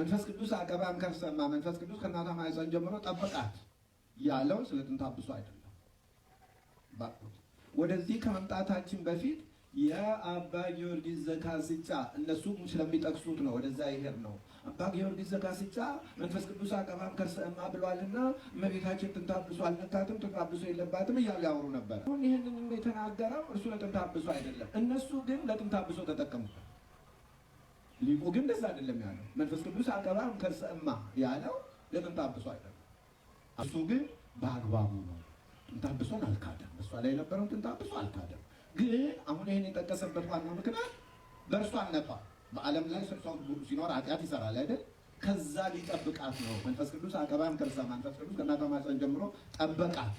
መንፈስ ቅዱስ አቀባን ከሰማ መንፈስ ቅዱስ ከእናቷ ማኅፀን ጀምሮ ጠበቃት ያለው ስለ ጥንተ አብሶ አይደለም። ወደዚህ ከመምጣታችን በፊት የአባ ጊዮርጊስ ዘጋስጫ እነሱ ስለሚጠቅሱት ነው። ወደዛ ይሄድ ነው። አባ ጊዮርጊስ ዘጋስጫ መንፈስ ቅዱስ አቀባም ከርሰማ ብሏልና እመቤታችን ጥንተ አብሶ አልነካትም፣ ጥንተ አብሶ የለባትም እያሉ ያወሩ ነበር። ይህንን የተናገረው እርሱ ለጥንተ አብሶ አይደለም። እነሱ ግን ለጥንተ አብሶ ተጠቀሙበት። ሊቁ ግን ደስ አይደለም ያለው። መንፈስ ቅዱስ አቀባም ከሰማ ያለው ለምን ታብሶ አይደለም። እሱ ግን በአግባቡ ነው። ጥንታብሶን አልካደም። እሷ ላይ የነበረውን ጥንታብሶ አልካደም። ግን አሁን ይህን የጠቀሰበት ዋናው ምክንያት በእርሷ ነቷ በዓለም ላይ ሰው ሲኖር ኃጢአት ይሰራል አይደል? ከዛ ሊጠብቃት ነው። መንፈስ ቅዱስ አቀባም ከርሰማ መንፈስ ቅዱስ ከእናቷ ማኅፀን ጀምሮ ጠበቃት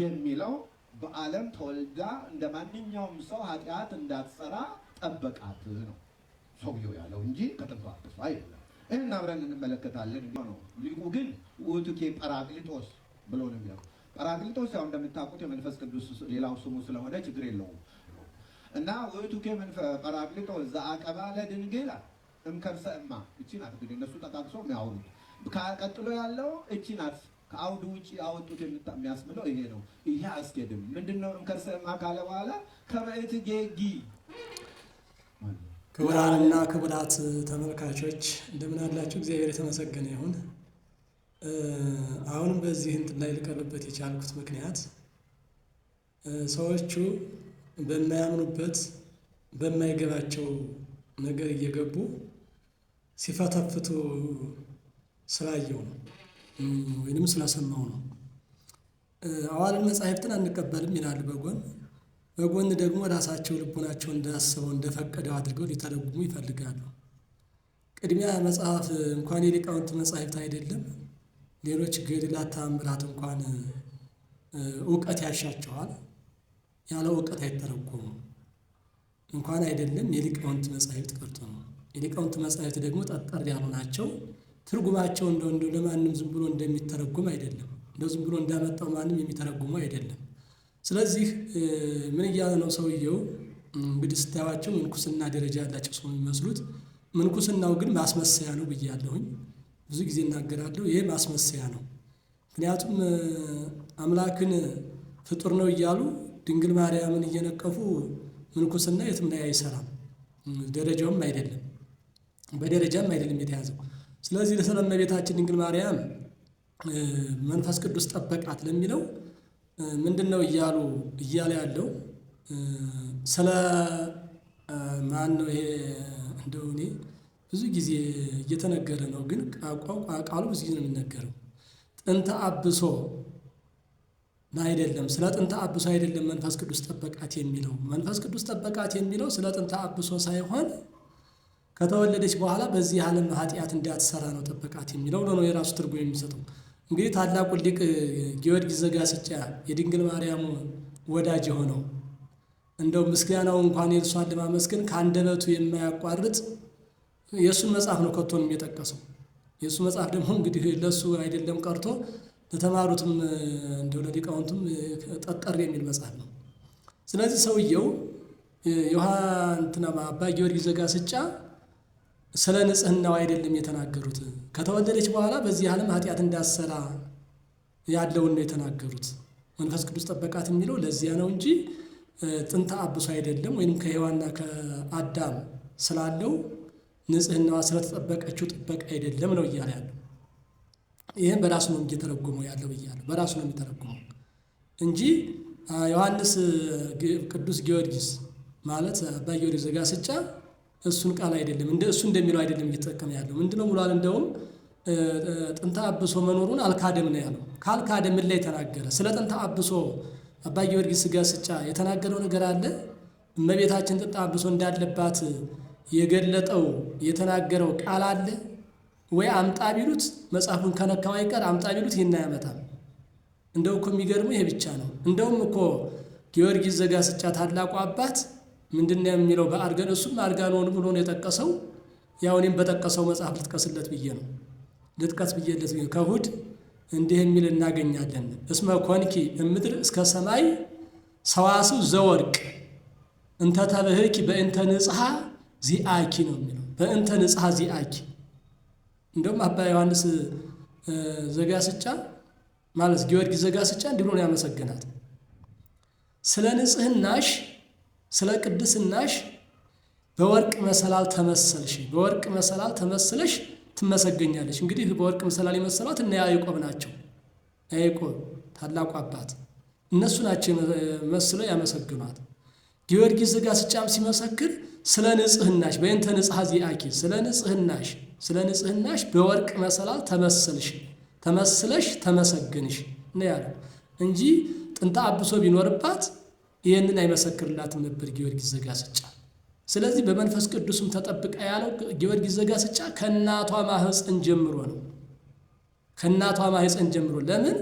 የሚለው በዓለም ተወልዳ እንደ ማንኛውም ሰው ኃጢአት እንዳትሰራ ጠበቃት ነው። ሰውየው ያለው እንጂ ከጥንቷ ጥፋ አይደለም። ይህን አብረን እንመለከታለን። ነው ሊቁ ግን ውቱኬ ጰራቅሊጦስ ብሎ ነው የሚለው። ጰራቅሊጦስ ያው እንደምታውቁት የመንፈስ ቅዱስ ሌላው ስሙ ስለሆነ ችግር የለውም እና ውቱኬ ጰራቅሊጦስ ዘአቀባ ለድንግል እምከርሰ እማ እቺ ናት እንግዲህ እነሱ ጠቃቅሶ የሚያወሩት። ቀጥሎ ያለው እቺ ናት። ከአውድ ውጭ ያወጡት የሚያስምለው ይሄ ነው። ይሄ አስኬድም ምንድነው? እምከርሰ እማ ካለ በኋላ ከመእት ጌጊ ክቡራንና ክቡራት ተመልካቾች እንደምን አላችሁ? እግዚአብሔር የተመሰገነ ይሁን። አሁንም በዚህ እንትን ላይ ልቀርብበት የቻልኩት ምክንያት ሰዎቹ በማያምኑበት በማይገባቸው ነገር እየገቡ ሲፈተፍቱ ስላየው ነው ወይንም ስለሰማው ነው። አዋልን መጻሕፍትን አንቀበልም ይላል በጎን በጎን ደግሞ ራሳቸው ልቡናቸው እንዳስበው እንደፈቀደው አድርገው ሊተረጉሙ ይፈልጋሉ። ቅድሚያ መጽሐፍ እንኳን የሊቃውንት መጽሐፍት አይደለም ሌሎች ገድላት ተአምራት እንኳን እውቀት ያሻቸዋል። ያለ እውቀት አይተረጎሙም። እንኳን አይደለም የሊቃውንት መጻሕፍት ቀርቶ ነው። የሊቃውንት መጻሕፍት ደግሞ ጠጠር ያሉ ናቸው። ትርጉማቸው እንደው ለማንም ዝም ብሎ እንደሚተረጎም አይደለም። እንደ ዝም ብሎ እንዳመጣው ማንም የሚተረጉሙ አይደለም። ስለዚህ ምን እያለ ነው ሰውየው? እንግዲህ ስታያቸው ምንኩስና ደረጃ ያላቸው ሰው የሚመስሉት ምንኩስናው ግን ማስመሰያ ነው ብያለሁኝ። ብዙ ጊዜ እናገራለሁ፣ ይሄ ማስመሰያ ነው። ምክንያቱም አምላክን ፍጡር ነው እያሉ ድንግል ማርያምን እየነቀፉ ምንኩስና የትም ላይ አይሰራም፣ ደረጃውም አይደለም፣ በደረጃም አይደለም የተያዘው። ስለዚህ ለሰለመ ቤታችን ድንግል ማርያም መንፈስ ቅዱስ ጠበቃት ለሚለው ምንድነው እያሉ እያለ ያለው ስለ ነው ይሄ እንደው እኔ ብዙ ጊዜ እየተነገረ ነው ግን ቃሉ ብዙ ጊዜ ነው የሚነገረው ጥንተ አብሶ አይደለም ስለ ጥንተ አብሶ አይደለም መንፈስ ቅዱስ ጠበቃት የሚለው መንፈስ ቅዱስ ጠበቃት የሚለው ስለ ጥንተ አብሶ ሳይሆን ከተወለደች በኋላ በዚህ ዓለም ኃጢአት እንዳትሰራ ነው ጠበቃት የሚለው ነው የራሱ ትርጉም የሚሰጠው እንግዲህ ታላቁ ሊቅ ጊዮርጊስ ዘጋስጫ የድንግል ማርያም ወዳጅ የሆነው እንደው ምስጋናው እንኳን የእርሷን ለማመስገን ከአንደበቱ የማያቋርጥ የእሱን መጽሐፍ ነው ከቶን የጠቀሰው። የእሱ መጽሐፍ ደግሞ እንግዲህ ለእሱ አይደለም ቀርቶ ለተማሩትም እንደው ለሊቃውንቱም ጠጠር የሚል መጽሐፍ ነው። ስለዚህ ሰውየው ዮሐንትና አባ ጊዮርጊስ ዘጋስጫ ስለ ንጽህናው አይደለም የተናገሩት። ከተወለደች በኋላ በዚህ ዓለም ኃጢአት እንዳሰራ ያለውን ነው የተናገሩት። መንፈስ ቅዱስ ጠበቃት የሚለው ለዚያ ነው እንጂ ጥንተ አብሶ አይደለም። ወይም ከሔዋንና ከአዳም ስላለው ንጽህናዋ ስለተጠበቀችው ጥበቅ አይደለም ነው እያለ ያለው። ይህም በራሱ ነው እየተረጎመው ያለው እያለ በራሱ ነው የሚተረጉመው እንጂ ዮሐንስ ቅዱስ ጊዮርጊስ ማለት አባ ጊዮርጊስ ዘጋስጫ እሱን ቃል አይደለም እንደ እሱ እንደሚለው አይደለም እየተጠቀመ ያለው ምንድነው ብሏል። እንደውም ጥንተ አብሶ መኖሩን አልካደም ነው ያለው። ካልካደም ላይ የተናገረ ስለ ጥንተ አብሶ አባ ጊዮርጊስ ሥጋ ስጫ የተናገረው ነገር አለ። እመቤታችን ጥንተ አብሶ እንዳለባት የገለጠው የተናገረው ቃል አለ ወይ? አምጣ ቢሉት መጽሐፉን ከነካው አይቀር አምጣ ቢሉት ይህን አያመጣም። እንደው እኮ የሚገርመው ይሄ ብቻ ነው። እንደውም እኮ ጊዮርጊስ ዘጋስጫ ታላቁ አባት ምንድነው የሚለው? በአርገን እሱም አርጋኖን ብሎ ነው የጠቀሰው። ያው እኔም በጠቀሰው መጽሐፍ ልጥቀስለት ብዬ ነው ልጥቀስ ብዬለት ብዬ እንዲህ የሚል እናገኛለን። እስመ ኮንኪ እምድር እስከ ሰማይ ሰዋስው ዘወርቅ እንተ ተብህኪ በእንተ ንጽሐ ዚአኪ ነው የሚለው በእንተ ንጽሐ ዚአኪ። እንደውም አባ ዮሐንስ ዘጋስጫ ማለት ጊዮርጊስ ዘጋስጫ እንዲህ ብሎ ነው ያመሰገናት ስለ ንጽህናሽ ስለ ቅድስናሽ በወርቅ መሰላል ተመሰልሽ፣ በወርቅ መሰላል ተመስለሽ ትመሰገኛለሽ። እንግዲህ በወርቅ መሰላል የመሰሏት እነ ያዕቆብ ናቸው። ያዕቆብ ታላቁ አባት እነሱ ናቸው መስለው ያመሰግኗት። ጊዮርጊስ ስጫም ሲመሰክር ስለ ንጽህናሽ በእንተ ንጽሐ ዚአኪ ስለ ንጽህናሽ ስለ ንጽህናሽ በወርቅ መሰላል ተመስልሽ ተመስለሽ ተመሰግንሽ ነው ያለው እንጂ ጥንታ አብሶ ቢኖርባት ይህንን አይመሰክርላትም ነበር ጊዮርጊስ ዘጋስጫ። ስለዚህ በመንፈስ ቅዱስም ተጠብቃ ያለው ጊዮርጊስ ዘጋስጫ ከእናቷ ማህፀን ጀምሮ ነው። ከእናቷ ማህፀን ጀምሮ ለምን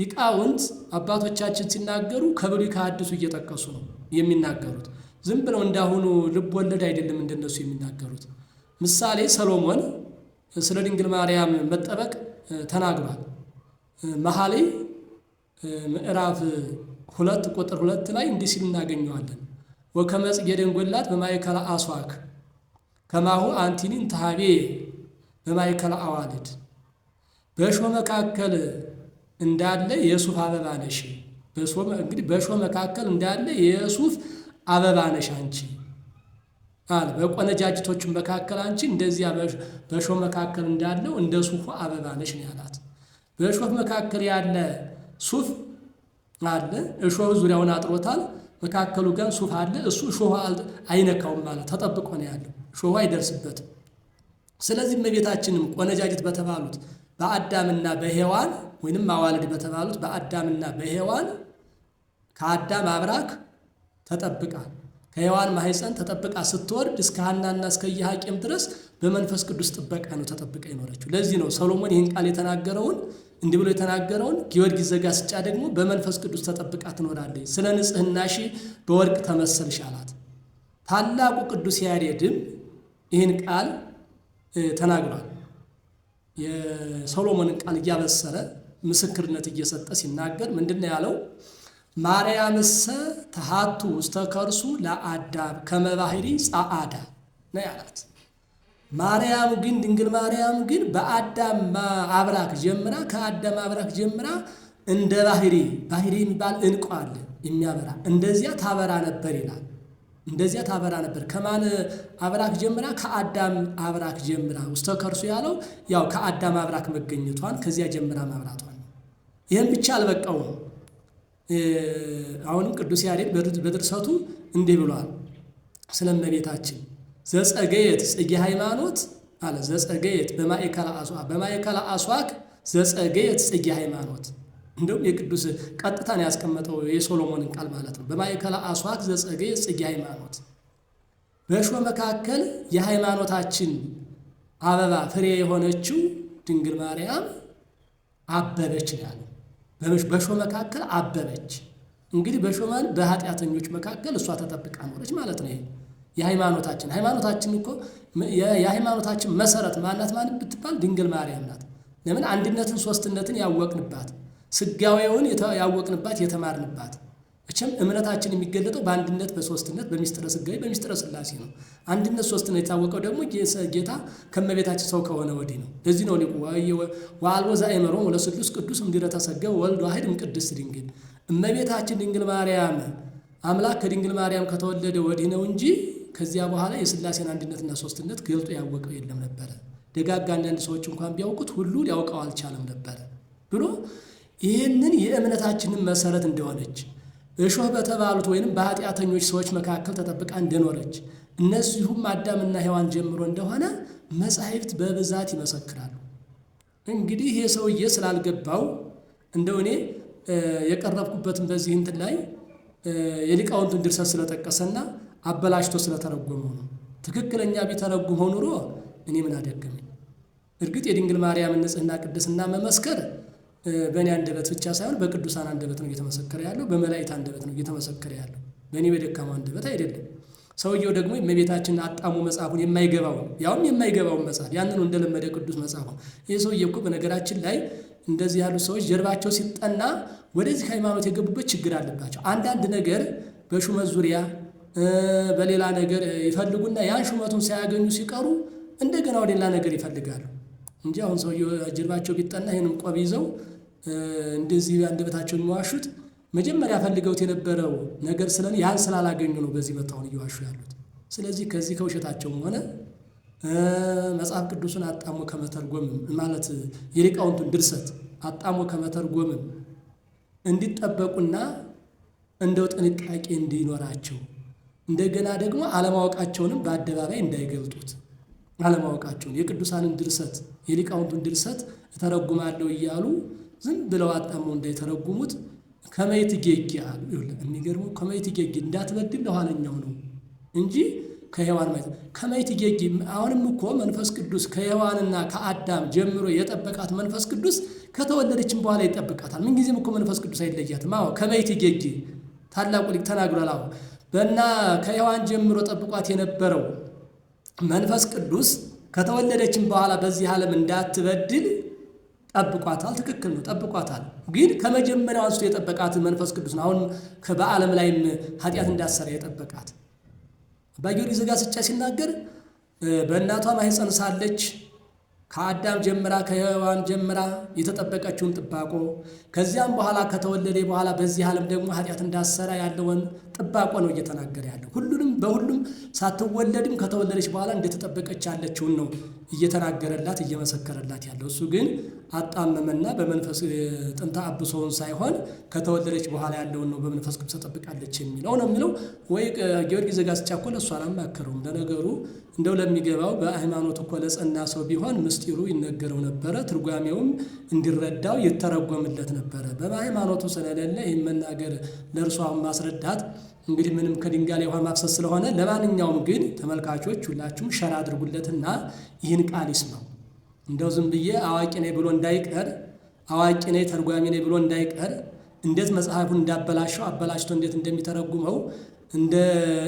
ሊቃውንት አባቶቻችን ሲናገሩ ከብሉይ ከአዲሱ እየጠቀሱ ነው የሚናገሩት። ዝም ብለው እንዳሁኑ ልብ ወለድ አይደለም እንደነሱ የሚናገሩት። ምሳሌ ሰሎሞን ስለ ድንግል ማርያም መጠበቅ ተናግሯል። መሐሌ ምዕራፍ ሁለት ቁጥር ሁለት ላይ እንዲህ ሲል እናገኘዋለን። ወከመጽጌ ደንጎላት በማይከላ አስዋክ ከማሁ አንቲኒን ተሃቤ በማእከለ አዋልድ በእሾህ መካከል እንዳለ የሱፍ አበባ ነሽ። እንግዲህ በእሾህ መካከል እንዳለ የሱፍ አበባ ነሽ አንቺ አለ። በቆነጃጅቶቹ መካከል አንቺ እንደዚያ በእሾህ መካከል እንዳለው እንደ ሱፉ አበባ ነሽ ነው ያላት። በእሾህ መካከል ያለ ሱፍ አለ። እሾህ ዙሪያውን አጥሮታል። መካከሉ ግን ሱፍ አለ። እሱ እሾህ አይነካውም ማለት ተጠብቆ ነው ያለው። እሾህ አይደርስበትም። ስለዚህ እመቤታችንም ቆነጃጅት በተባሉት በአዳምና በሔዋን ወይንም አዋልድ በተባሉት በአዳምና በሔዋን ከአዳም አብራክ ተጠብቃል። ከሔዋን ማህፀን ተጠብቃ ስትወርድ እስከ ሐናና እስከ ኢያቄም ድረስ በመንፈስ ቅዱስ ጥበቃ ነው ተጠብቃ ይኖረችው ለዚህ ነው ሰሎሞን ይህን ቃል የተናገረውን እንዲህ ብሎ የተናገረውን ጊዮርጊስ ዘጋስጫ ደግሞ በመንፈስ ቅዱስ ተጠብቃ ትኖራለች፣ ስለ ንጽሕናሽ በወርቅ ተመሰልሽ አላት። ታላቁ ቅዱስ ያሬድም ይህን ቃል ተናግሯል። የሰሎሞንን ቃል እያበሰረ ምስክርነት እየሰጠ ሲናገር ምንድን ነው ያለው? ማርያምሰ ተሃቱ ውስተ ከርሱ ለአዳም ከመባህሪ ጸአዳ ነው ያላት። ማርያም ግን ድንግል ማርያም ግን በአዳም አብራክ ጀምራ ከአዳም አብራክ ጀምራ እንደ ባህሪ ባህሪ የሚባል እንቁ አለ የሚያበራ እንደዚያ ታበራ ነበር ይላል። እንደዚያ ታበራ ነበር። ከማን አብራክ ጀምራ? ከአዳም አብራክ ጀምራ። ውስተ ከርሱ ያለው ያው ከአዳም አብራክ መገኘቷን ከዚያ ጀምራ ማብራቷን። ይህም ብቻ አልበቃውም። አሁንም ቅዱስ ያሬድ በድርሰቱ እንዲህ ብሏል። ስለ እመቤታችን ዘጸገየት ጽጌ ሃይማኖት አለ ዘጸገየት በማእከላ አስዋክ በማእከላ አስዋክ ዘጸገየት ጽጌ ሃይማኖት እንደውም የቅዱስ ቀጥታን ያስቀመጠው የሶሎሞንን ቃል ማለት ነው። በማእከላ አስዋክ ዘጸገየት ጽጌ ሃይማኖት በእሾህ መካከል የሃይማኖታችን አበባ ፍሬ የሆነችው ድንግል ማርያም አበበች ያለ በሾ መካከል አበበች። እንግዲህ በሾመን በኃጢአተኞች መካከል እሷ ተጠብቃ ኖረች ማለት ነው። ይሄ የሃይማኖታችን ሃይማኖታችን እኮ የሃይማኖታችን መሰረት ማናት ማለት ብትባል ድንግል ማርያም ናት። ለምን አንድነትን ሶስትነትን ያወቅንባት፣ ስጋዊውን ያወቅንባት፣ የተማርንባት መቼም እምነታችን የሚገለጠው በአንድነት በሶስትነት በሚስጥረ ስጋዌ በሚስጥረ ስላሴ ነው። አንድነት ሶስትነት የታወቀው ደግሞ ጌታ ከመቤታችን ሰው ከሆነ ወዲህ ነው። ለዚህ ነው ሊቁ ወአልቦ ለስሉስ ቅዱስ እምድኅረ ተሰገወ ወልድ ዋሕድ ድንግል እመቤታችን ድንግል ማርያም አምላክ ከድንግል ማርያም ከተወለደ ወዲህ ነው እንጂ ከዚያ በኋላ የስላሴን አንድነትና ሶስትነት ገልጦ ያወቀው የለም ነበረ። ደጋጋ አንዳንድ ሰዎች እንኳን ቢያውቁት ሁሉ ሊያውቀው አልቻለም ነበረ ብሎ ይህንን የእምነታችንን መሰረት እንደሆነች እሾህ በተባሉት ወይንም በኃጢአተኞች ሰዎች መካከል ተጠብቃ እንደኖረች እነዚሁም አዳምና ሔዋን ጀምሮ እንደሆነ መጻሕፍት በብዛት ይመሰክራሉ። እንግዲህ ይሄ ሰውዬ ስላልገባው እንደው እኔ የቀረብኩበትን በዚህ እንትን ላይ የሊቃውንቱን ድርሰት ስለጠቀሰና አበላሽቶ ስለተረጎመው ነው። ትክክለኛ ቢተረጉመው ኑሮ እኔ ምን አደገመኝ። እርግጥ የድንግል ማርያምን ንጽህና ቅድስና መመስከር በእኔ አንደበት ብቻ ሳይሆን በቅዱሳን አንደበት ነው እየተመሰከረ ያለው፣ በመላእክት አንደበት ነው እየተመሰከረ ያለው፣ በእኔ በደካማ አንደበት አይደለም። ሰውየው ደግሞ የእመቤታችንን አጣሙ መጽሐፉን የማይገባውን ያውም የማይገባውን መጽሐፍ ያንኑ እንደለመደ ቅዱስ መጽሐፉን ይህ ሰውዬ እኮ በነገራችን ላይ እንደዚህ ያሉ ሰዎች ጀርባቸው ሲጠና ወደዚህ ሃይማኖት የገቡበት ችግር አለባቸው። አንዳንድ ነገር በሹመት ዙሪያ በሌላ ነገር ይፈልጉና ያን ሹመቱን ሳያገኙ ሲቀሩ እንደገና ወደ ሌላ ነገር ይፈልጋሉ። እንጂ አሁን ሰውየ ጀርባቸው ቢጠና ይህንም ቆብ ይዘው እንደዚህ አንደበታቸው የሚዋሹት መጀመሪያ ፈልገውት የነበረው ነገር ስለ ያን ስላላገኙ ነው በዚህ በታሁን እየዋሹ ያሉት። ስለዚህ ከዚህ ከውሸታቸውም ሆነ መጽሐፍ ቅዱስን አጣሞ ከመተርጎምም ማለት የሊቃውንቱን ድርሰት አጣሞ ከመተርጎምም እንዲጠበቁና እንደው ጥንቃቄ እንዲኖራቸው እንደገና ደግሞ አለማወቃቸውንም በአደባባይ እንዳይገልጡት አለማወቃቸውን የቅዱሳንን ድርሰት የሊቃውንቱን ድርሰት እተረጉማለሁ እያሉ ዝም ብለው አጣመው እንዳይተረጉሙት ከመይት ጌጌ አሉ። የሚገርመው ከመይት ጌጌ እንዳትበድል ለኋለኛው ነው እንጂ ከሔዋን ማለት ከመይት ጌጌ። አሁንም እኮ መንፈስ ቅዱስ ከሔዋንና ከአዳም ጀምሮ የጠበቃት መንፈስ ቅዱስ ከተወለደችም በኋላ ይጠብቃታል። ምንጊዜም እኮ መንፈስ ቅዱስ አይለያትም። አዎ ከመይት ጌጌ ታላቁ ሊቅ ተናግሯል። አሁን በእና ከሔዋን ጀምሮ ጠብቋት የነበረው መንፈስ ቅዱስ ከተወለደችን በኋላ በዚህ ዓለም እንዳትበድል ጠብቋታል። ትክክል ነው፣ ጠብቋታል። ግን ከመጀመሪያው አንስቶ የጠበቃት መንፈስ ቅዱስ ነው። አሁን በዓለም ላይም ኃጢአት እንዳሰራ የጠበቃት አባ ጊዮርጊስ ዘጋስጫ ሲናገር በእናቷ ማኅፀን ሳለች ከአዳም ጀምራ ከሔዋን ጀምራ የተጠበቀችውን ጥባቆ ከዚያም በኋላ ከተወለደ በኋላ በዚህ ዓለም ደግሞ ኃጢአት እንዳሰራ ያለውን ጥባቆ ነው እየተናገረ ያለው። ሁሉንም በሁሉም ሳትወለድም ከተወለደች በኋላ እንደተጠበቀች ያለችውን ነው እየተናገረላት እየመሰከረላት ያለው እሱ ግን አጣመመና በመንፈስ ጥንታ አብሶውን ሳይሆን ከተወለደች በኋላ ያለውን ነው በመንፈስ ቅዱስ ተጠብቃለች የሚለው ነው የሚለው ወይ ጊዮርጊስ ዘጋስጫኮል እሱ አላማከረውም። ለነገሩ እንደው ለሚገባው በሃይማኖት እኮ ለጸና ሰው ቢሆን ምስጢሩ ይነገረው ነበረ፣ ትርጓሜውም እንዲረዳው ይተረጎምለት ነበረ። በሃይማኖቱ ስለሌለ ይህን መናገር ለእርሷ ማስረዳት እንግዲህ ምንም ከድንጋይ ላይ ውሃ ማፍሰስ ስለሆነ፣ ለማንኛውም ግን ተመልካቾች ሁላችሁም ሸር አድርጉለትና ይህን ቃል ይስማው። እንደው ዝም ብዬ አዋቂ ነኝ ብሎ እንዳይቀር፣ አዋቂ ነኝ ተርጓሚ ነኝ ብሎ እንዳይቀር፣ እንዴት መጽሐፉን እንዳበላሸው አበላሽቶ እንዴት እንደሚተረጉመው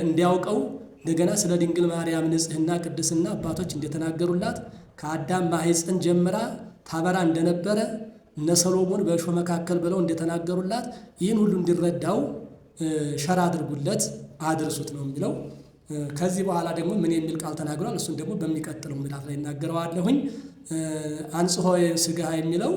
እንዲያውቀው እንደገና ስለ ድንግል ማርያም ንጽህና ቅድስና አባቶች እንደተናገሩላት ከአዳም ማኅፀን ጀምራ ታበራ እንደነበረ እነ ሰሎሞን በእሾህ መካከል ብለው እንደተናገሩላት ይህን ሁሉ እንዲረዳው ሸራ አድርጉለት አድርሱት ነው የሚለው። ከዚህ በኋላ ደግሞ ምን የሚል ቃል ተናግሯል? እሱን ደግሞ በሚቀጥለው ምዕራፍ ላይ እናገረዋለሁኝ። አንጽሆ ስጋ የሚለው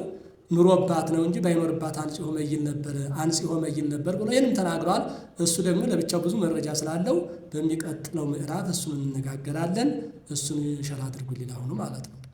ኑሮባት ነው እንጂ ባይኖርባት አንጽሆ መይል ነበር፣ አንጽሆ መይል ነበር ብሎ ይህንም ተናግሯል። እሱ ደግሞ ለብቻው ብዙ መረጃ ስላለው በሚቀጥለው ምዕራፍ እሱን እንነጋገራለን። እሱን ሸራ አድርጉ ሌላ ማለት ነው።